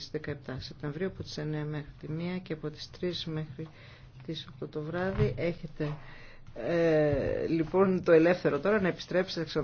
στις 17 Σεπτεμβρίου από τις 9 μέχρι τη 1 και από τις 3 μέχρι τις 8 το βράδυ. Έχετε ε, λοιπόν το ελεύθερο τώρα να επιστρέψετε